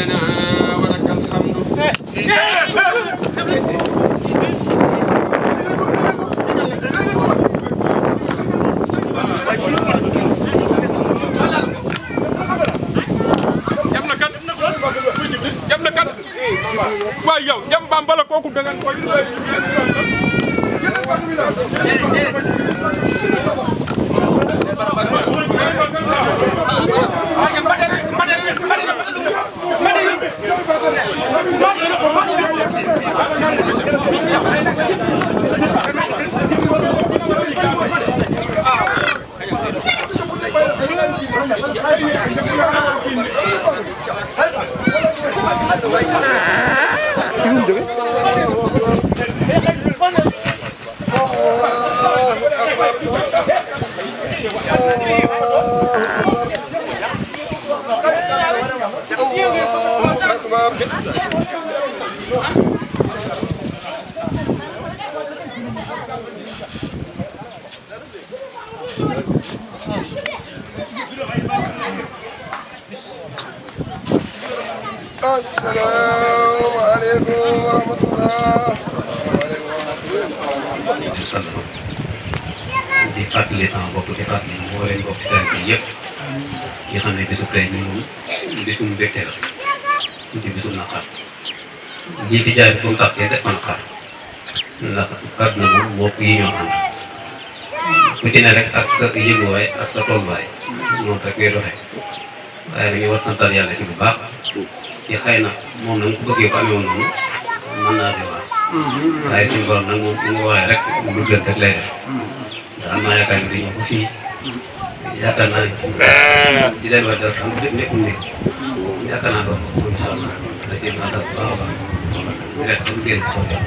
ربنا ولك الحمد waaye yow jam bambala kooku da ngeen koy السلام عليكم ورحمة الله di fàttali sama bopp di fàttali mbooleem bopp daal bi yëpp yi xam ne bisu tey bi moom bisu mbégte la di bisu naqar lii fi jaay bi bu mu tax kenn def ma naqar ndax kàddu moom mbokk yi ñoo ànd ku ci rek ak sa yënguwaay ak sa tolluwaay noonu rek ngay doxee waaye dañuy war santal yàlla ci bu baax ci xëy na moom nag ku bëggee ko amee woon noonu mën naa nag moom mu nga waxee rek lu am naa yaakaar ni dañoo ko fii yaakaar naa ne di leen wax dara xam def nekkul nekk yaakaar naa doon ko incha allah da siy mën a baax a baax di leen sax génn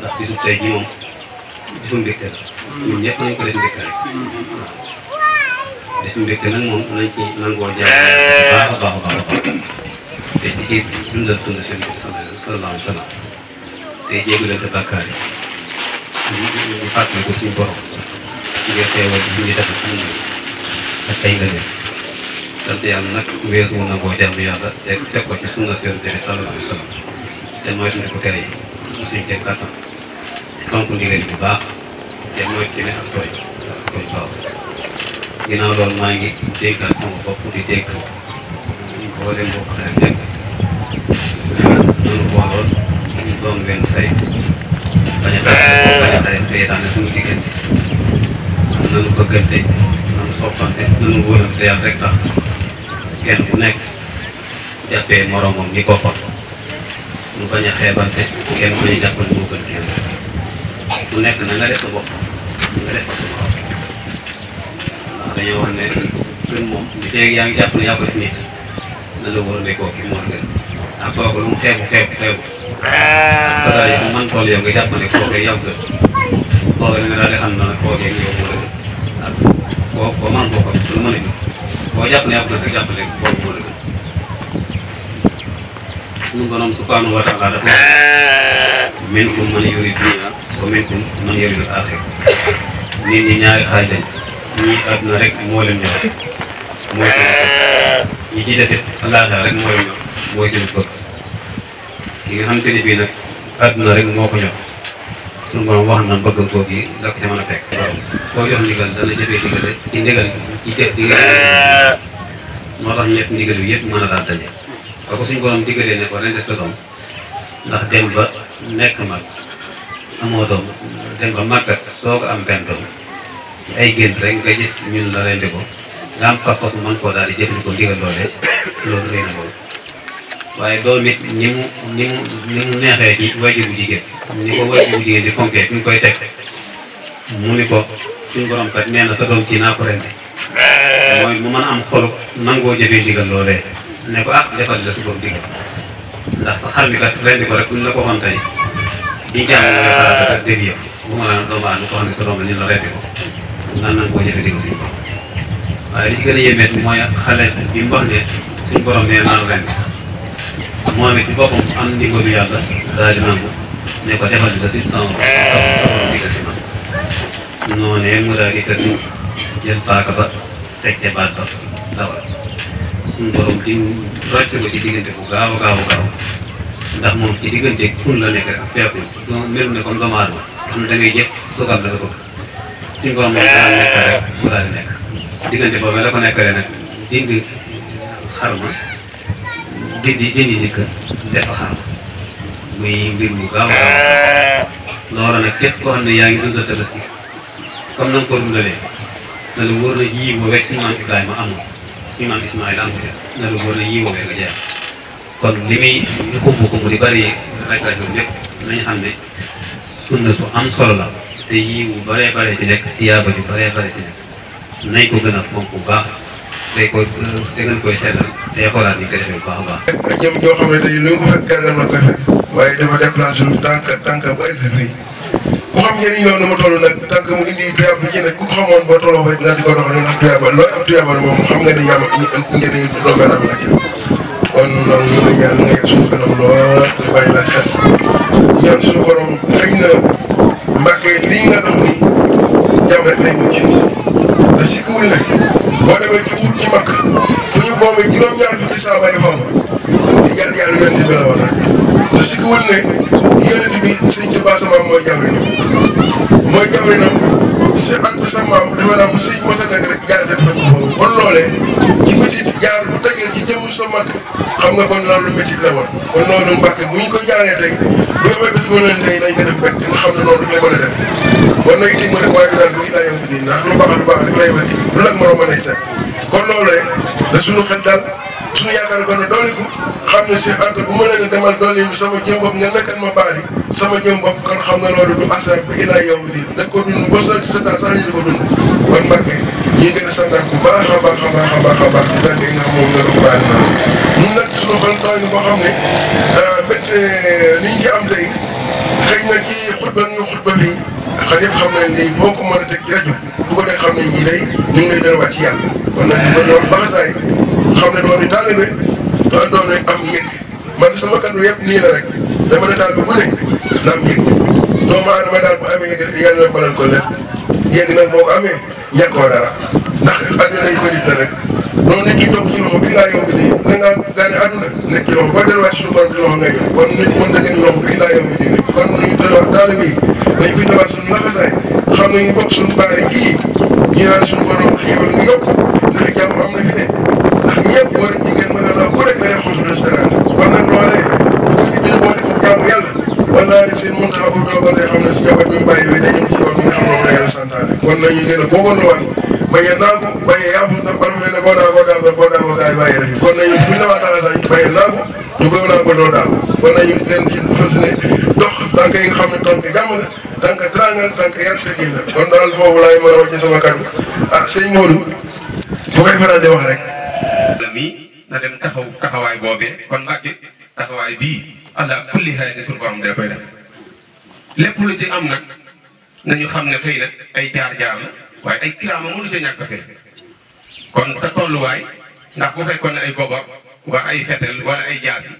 ndax bisu tey jii suñu mbégte la ñun ñëpp nañu ko def mbégte rek nag moom nañ ci nangoo jaar baax a baax a baax te di ko ci biir xeewal bi ñu def ak ak ay leneen sant yàlla nag weesu te teg te mooy suñu ko tere baax te mooy ki ne ak tooy ak tooy baax ginnaaw loolu maa ngi déggal sama bopp di déggal mboolem mbokk daal nekk noonu booloon doon benn say bañ a tàggatoo bañ a xare seetaane suñu diggante nanu bëggante nanu soppante nanu wóolante yàlla rek kenn ku nekk jàppee moromam ni boppam ñu bañ a kenn bañ a jàppal moo gën ku nekk na nga def sa bopp nga def ko sa bopp waaw dañoo wax ne gën moom li tey yaa ngi jàpp ne yaa ko def nit na la war a nekkoo kii moo gën ak kooku lu mu xeebu xeebu xeebu ah. sa daal yow man tool yow nga jàpp ne kooku yow gën kooku da nga daal di xam na nag kooku yow moo la gën ak koo koo man koo ko lu mën a gën koo jàpp ne yaa ko gën rek jàpp ne kooku moo la gën suñu borom subhanahu wa taala dafa ah. minkum man yuridu dunya wa minkum man yuridul aaxira nit ñi ñaari xaaj lañ àdduna rek moo leen ñor mooy seen ñi ci desit àllaaxira ki nga xamante ne bii nag àdduna rek moo ko ñor suñu borom wax na bëgg kooku yi la ko ca mën a fekk. waaw koo jox ndigal dana jëfee ndigal rek ci ndigal ci tax ñett ndigal yi yëpp a daal daje. waaw ko suñu borom diggalee ne ko ren de ndax dem ba nekk mag. amoo doom dem ba màggat soo ko am benn doom rek nga gis ñun la ko nga am pas-pas mën koo daal di jëfandikoo ndigal loole loolu rëy loolu waaye doom it mu ñi mu ñi mu neexee ci wajur bu jigéen ni ko wajur bu jigéen di fonkee fi ñu koy teg mu ni ko suñu borom kat nee na sa doom kii naa ko rendi mooy mu mën am xolu nangoo jëfee ndigal loolee ne ko ah defal la su borom ndigal ndax sa xar mi kat rendi ko rek duñ la ko waxoon ñuy jàng nga def ak dégg yëpp bu ma naan doomu aadama koo xam ne sa doom la ñu ko nan nan koo jëfandikoo suñu borom waaye li ci gën a yéemeet mooy xale bi mu ne suñu borom nee naa ren moom it ci boppam am ndimbalu yàlla daal di nangu ne ko defal di la si sama sama borom digal si man noonee mu daal di tëdd jël paaka ba teg ca baat ba dawal suñu borom di rocc ko ci diggante bu gaaw gaaw gaaw ndax moom ci diggante kun la nekk ak feekul donc mel ne comme doomu aadama xam ne da ngay jëf suukar la la bëgg suñ ko moom daal nekk rek mu daal di nekk diggante boobu la ko nekkalee nag dindi xarma dindi dindi nit ka defa xarma muy mbir mu gaaw a yaa ngi na nga na la wóor na yii woowee suñu nga jeex kon li muy xumb xumb di bari rek rajo lépp nañu xam ne sunna su am solo la te yiwu baree bare ci nekk tiyaaba ju baree bare ci nekk nañ ko gën a fonk bu baax day koy bu baax a baax. jëm joo xam ne tey mu fekk gàllankoor na koy fekk waaye dafa déplacé lu tànk tànk bu egsi fii ku xam loolu ma toll nag tànk mu indi tuyaab bi ci ne ku xamoon ba tolloo fa dinaa di ko doxal ndax moom xam nga yaa ma njëriñ doomu kon loolu ñu ngi nga suñu kanam lool ñu bàyyi la xel ñaan suñu borom na mbàkke lii nga dox nii jàmm mujj te si kiwul nag boo demee ci wut ci mag bu ñu boobee juróom-ñaar fa di ñaan yàlla yonent bi la war a te si ne. nga kon loolu métti la woon kon loolu Mbàkke bu ñu ko jaanee tey bu yemee bés bu leen tey nañ ko def mbégte nga xam ne noonu du ñu mën a demee kon da suñu xel daal suñu yaakaar kon ne dooliku xam ne si àtte bu ma leen a dooli sama jëm bopp nga nekkat ma baari sama jëm bopp kon xam ne loolu du asar ba ilaa yow taalibe doo doon rek am yëg man sama kàddu yëpp nii la rek dama ne taalibe bu ne na am yëg doomu aadama daal bu amee yëg yàlla na mënal ko lépp yëg nag moo ko amee ñàkkoo dara ndax àdduna day ko nit rek noonu nit ki toog ci loxo bi ilaa yow mi dee na ngaa gaane àdduna nekk ci loxo boo delluwaat ci suñu borom ci loxo ngay yor kon nit mën da ngeen loxo bi ilaa yow mi dee kon ñu delluwaat taalibe yi dañ koy delluwaat suñu laxasaay xam nga ñu bokk suñu doo daala wona yim nden jiɗi nga xam ne tanke jàmm la tanke a wàcce sama kàddu ah sëñ wax rek mi na taxaw taxawaay boobee kon Mbàkke taxawaay bii allah kulli lépp lu ci am nag nañu xam ne xëy na ay jaar-jaar la waaye ay kiraama mënu ca ñàkk fee kon sa tolluwaay ndax bu fekkoon ne ay gobor wala ay fetel wala ay jaasi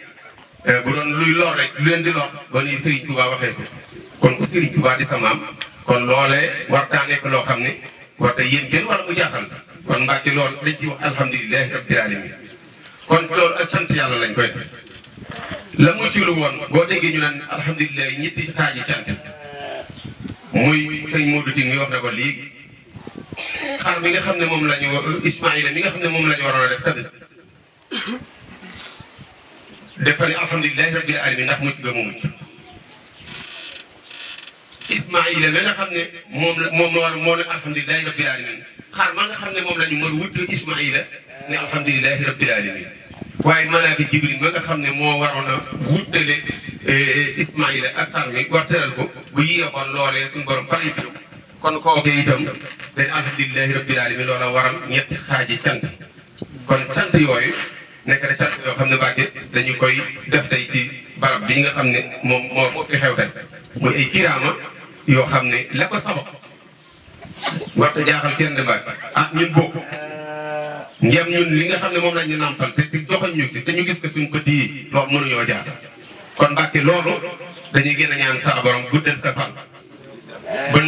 Euh, bu doon luy lor rek lu leen di lor ba ni Serigne Touba waxee su kon ku Serigne Touba di sa maam kon loolee wartaa nekk loo xam ne warta yéen kenn war mu jaaxal kon Mbàkke lool dañ ci wax alhamdulilahi rabbil alamin kon lool ak sant yàlla lañ koy de la mu ci woon boo déggee ñu naan alhamdulilah ñetti taaji cant muy sëñ Modou Tine mi wax na ko léegi xar mi nga xam ne moom la ñu Ismaïla mi nga xam ne moom la ñu waroon a def tabaski dafa ne alhamdulilahi rabbil alamin ndax mucc ga mu mucc Ismaayila ma nga xam ne moom la moom ne alhamdulilahi rabbil alamin xar ma nga xam ne moom la ñu mën wutt Ismaayila ne alhamdulilahi rabbil alamin waaye malaaka Jibril ma nga xam ne moo waroon a wuttale eh, Ismaayila ak xar mi war ko bu yéexoon loolee suñu borom bari kon kooku itam dañ alhamdulilahi rabbil alamin loola waral ñetti xaaji cant kon cant yooyu. nekk na cant yoo xam ne Mbàkke dañu koy def tey ci barab bi nga xam ne moom moo moo fi xew tey yoo xam ne la ko sabab warta jaaxal kenn de Mbàkke ak ah, ñun bokk ngeem ñun li nga xam ne moom lañ ñu nàmpal te ñu ci dañu gis ko suñu bët yi kon Mbàkke loolu dañuy gën a ñaan sa borom guddal sa fan ba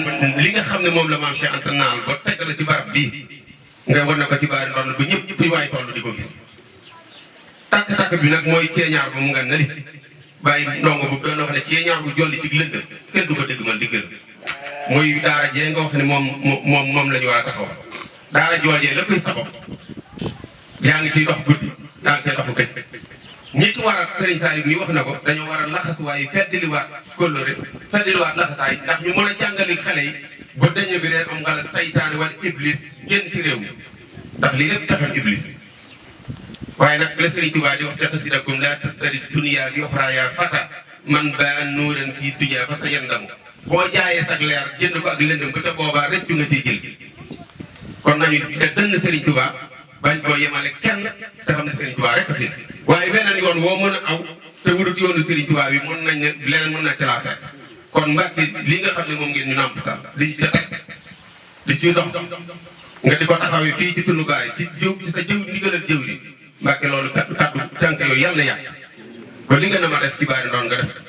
li nga xam ne moom la maam Cheikh Anta naal ba teg la ci barab bii nga war na ko ci baari ndox bu ñëpp fu waay toll di ko gis takk-takk bi nag mooy ceeñaar ba mu nga nali bàyyi ndongo bu doon wax ne ceeñaar bu jolli ci lënd kenn du ko dëgg man diggal mooy daara jee nga wax ne moom moom lañu la ñu war a taxaw daara joojee léppay sabab yaa ngi ciy dox guddi yaa ngi ciy dox bëccëg ñi ci war a sëriñ wax na ko dañoo war a laxasuwaay feddiliwaat kóllëre feddiliwaat laxasaay ndax ñu mën a jàngali xale yi ba dëñë bi reer am nga la saytaane wala iblis génn ci réew mi ndax lii lépp waaye nag la Sëriñ Tuubaa di wax te xasidakum laa tastari dunya bi uxraa yaa fata man baa nuuran fii dunya fa sa yandamu boo jaayee sag leer jënd ko ak lëndëm ba te boobaa rëccu nga ciy jël kon nañu te dënn Sëriñ Tuubaa bañ koo yemale kenn te xam ne Sëriñ Tuubaa rek waaye beneen yoon woo mën a aw te wudut yoonu Sëriñ bi mën nañ leneen mën na ca kon Mbàkke li nga xam ne moom ngeen ñu nàmpatal liñ ca teg di ci dox nga di ko taxawee ci tundukaay ci jëw ci sa mbàkke loolu kaddu kaddu tànk yooyu yàlla na yàgg kon li nga na ma def ci baari ndoon nga def